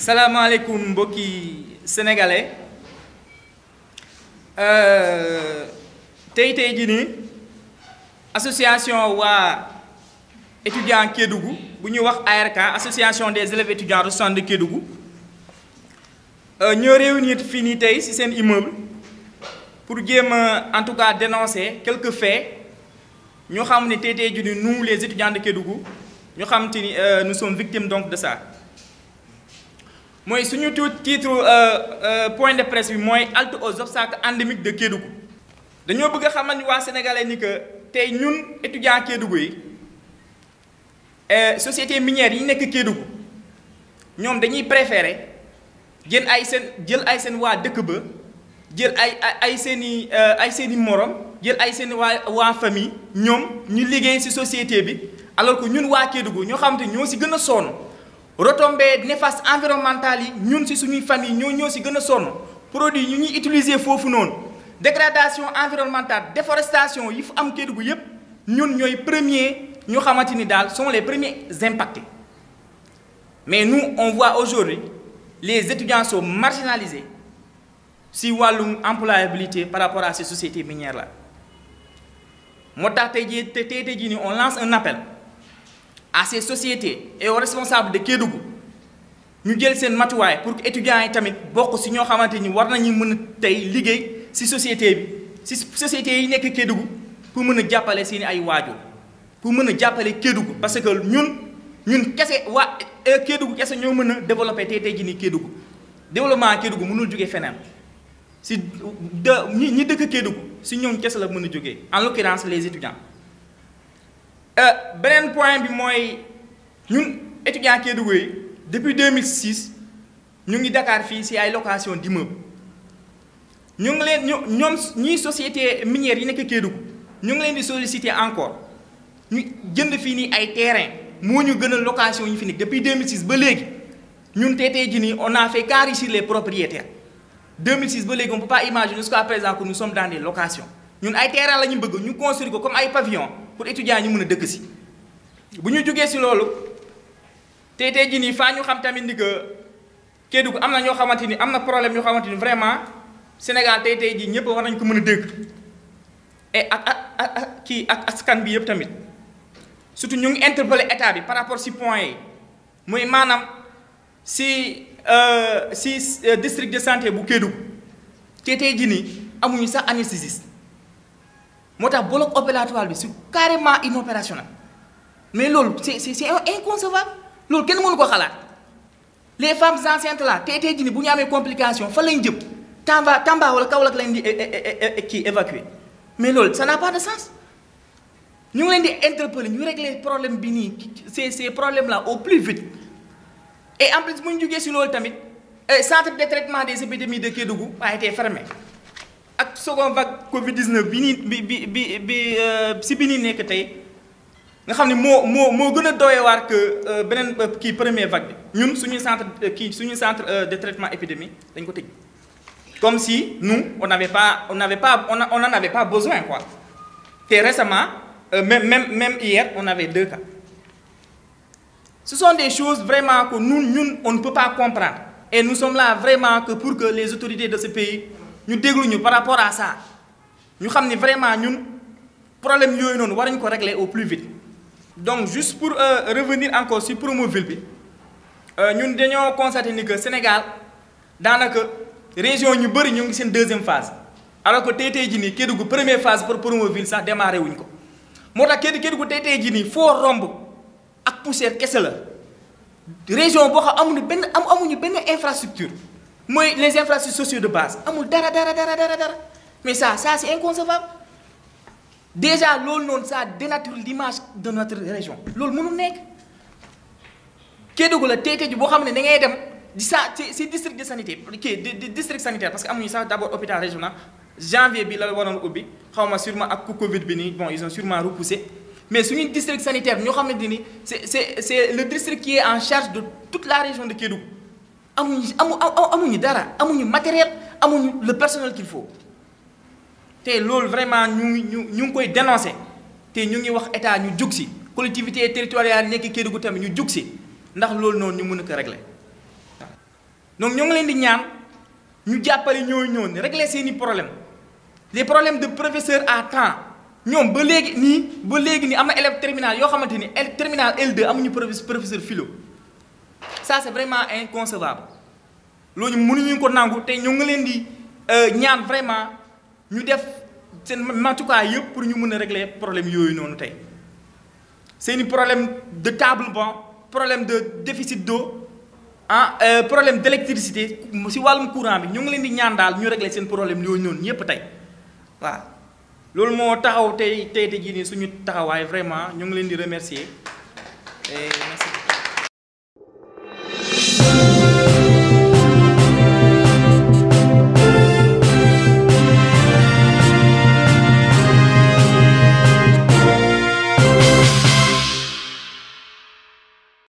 salaamaaleykum mbokki sénégalais euh, tey tey jii nii association waa étudiants Kédougou bu ñuy wax ARK association des élèves étudiants ressortissants de Kédougou euh, ñoo réunir fii nii tey ci seen immeuble pour jéem a en tout cas dénoncer quelques faits ñu xam ni tey tey jii nii nous les étudiants de Kédougou ñu xam te ni euh, nous sommes victimes donc de ça. mooy suñu tu titre euh, euh, point de presse bi mooy halte aux obstacles endémiques de Kédougou dañoo bëgg a xamal ni waa sénégalais ni que tey ñun étudiants Kédougou yi euh, société minière yi nekk Kédougou ñoom dañuy préférer jël ay seen jël ay seen waa dëkk ba jël ay ay seeni i ay seeni i morom jël ay seen waa waa famille ñoom ñu liggéey ci société bi alors ko ñun waa Kédougou ñoo xam te ñoo si gën a sonn. retombées néfastes environnementales yi ñun si suñuy famille ñoo ñoo si gën a sonn produit ñu ñuy utiliser foofu noonu dégradation environnementale déforestation yi fu am Kédougou yépp ñun ñooy premier ñu xamante ni daal son les premiers impactés mais nous on voit aujourd'hui les étudiants sont marginalisés si wàllum employabilité par rapport à ces sociétés minières la moo tax tey jii te tey jii nii on lance un appel à ces sociétés et aux responsables de Kédougou ñu jël seen matuwaay pour que étudiants yi tamit bokk si ñoo xamante ni war nañu mën a tey liggéey si société bi si société yi nekk Kédougou pour mën a jàppale seen ay waajur pour mën a jàppale Kédougou parce que ñun ñun kese waa euh, Kédougou kese ñoo mën a développé tey tey jii nii Kédougou développement Kédougou mënul jógee feneen si de ñi ñi dëkk Kédougou si ñoom kese la mën a jógee en l'occurrence les étudiants. Euh, beneen point bi mooy ñun étudiants Kédougou yi depuis deux 2006 ñu ngi dakaar fii ci ay location d'immeuble ñu ngi leen ñu ñoom ñii société minière yi nekk Kédougou ñu ngi leen di solliciter encore ñu jënd fii nii ay terrain moo ñu gën a location ñu fi nekk depuis 2006 ba léegi ñun tey tey jii nii on a fait carré sur les propriétaires 2006 ba léegi on peut pas imaginer jusqu'à présent que nous sommes dans des ñun ay terrain la ñu bëgg ñu construire comme ay pavillon pour étudiants yi ñu mën a dëkk si bu ñu jógee si loolu tey tey jii nii faa ñu xam tamit ni que Kédougou am na ñoo xamante ni am na problème ñoo xamante ni vraiment Sénégal tey tey jii ñëpp war nañ ko mën a dégg et ak ak kii ak askan bi yëpp tamit surtout ñu ngi interpellé état bi par rapport si point yi muy maanaam si euh, si euh, district de santé bu Kédougou tey tey jii nii amuñu sax anesthésiste. moo tax bloc opératoire bi c'est carrément inopérationnel mais loolu c'est c'est inconcevable loolu kenn mënu ko xalaat les femmes enceintes là tey tey jii bu ñu amee complication fa lañ jëm Tamba Tamba kaw Kaolack lañ di eh, eh, eh, kii évacuer mais loolu ça n'a pas de sens ñu ngi leen di interpeller ñu régler problème bi nii ces ces problèmes là au plus vite et en plus bu ñu jógee si loolu tamit centre de traitement des épidémies de Kédougou a été fermé. ak seconde vague Covid 19 bi nii bi bi bi bi euh, si bi nii nekk tey nga xam ne moo moo moo gën a doyewaar que euh, beneen euh, kii première vague bi ñun suñuy centre kii suñuy centre de traitement épidémie dañ ko tëj comme si nu on n'avait pas on n'avait pas on avait pas besoin quoi te récemment même même même hier on avait deux ce sont des choses vraiment que nu ñun on ne peut pas comprendre et nous sommes là vraiment que pour que les autorités de ce pays ñu déglu ñu par rapport à ça ñu xam ni vraiment ñun problème yooyu noonu war nañu ko régler au plus vite. donc juste pour euh, revenir encore si Promoville bi euh, ñun dañoo constaté ni que Sénégal daanaka région ñu bëri ñu ngi seen deuxième phase alors que tey tey jii nii Kédougou première phase pour Promoville sax démarré wuñ ko moo tax Kédougou tey tey jii nii foo romb ak poussière kese la région boo xam amuñu benn amuñu benn infrastructure. mooy les infrastructures sociales de base amul dara dara dara dara dara mais ça ça c'est inconcevable déjà loolu noonu ça dénature l'image de notre région loolu mënul nekk Kédougou la teete ji boo xam ne da ngay dem di sa ci ci district de sanité kii di district sanitaire parce que amuñu sax d'abord hôpital régional janvier bi la waroon ubbi xaw ma sûrement ak ku Covid bi nii bon ils ont sûrement repoussé mais suñu district sanitaire ñoo xam ne ni c'est c'est c'est le district qui est en charge de toute la amuñu amu amuñu dara amuñu matériel amuñu le personnel qu'il faut te loolu vraiment ñu ñu ñu ngi koy dénoncer te ñu ngi wax état ñu jug si collectivité territoriale nekk Kédougou tamit ñu jug si ndax lool noonu ñu mën a ko régler donc ñoo ngi leen di ñaan ñu jàppale ñooy ñëw régler seeni problème les problèmes de professeur à temps ñoom ba léegi nii ba léegi nii am na élève terminal yoo xamante ni terminal L2 amuñu professeur philo ça c'est vraiment inconcevable loolu mënuñu ko nangu te ñu ngi leen di euh, ñaan vraiment ñu def seen matukaay yëpp pour ñu mën a régler problème yooyu noonu tey seen seeni problème de table problème de déficit d'eau ah euh, problème d'électricité si wàllum courant bi ñoo ngi leen di ñaan daal ñu régler seen problème yooyu noonu yëpp tey waaw loolu moo taxaw tey tey jii nii suñu taxawaay vraiment ñoo ngi leen di remercier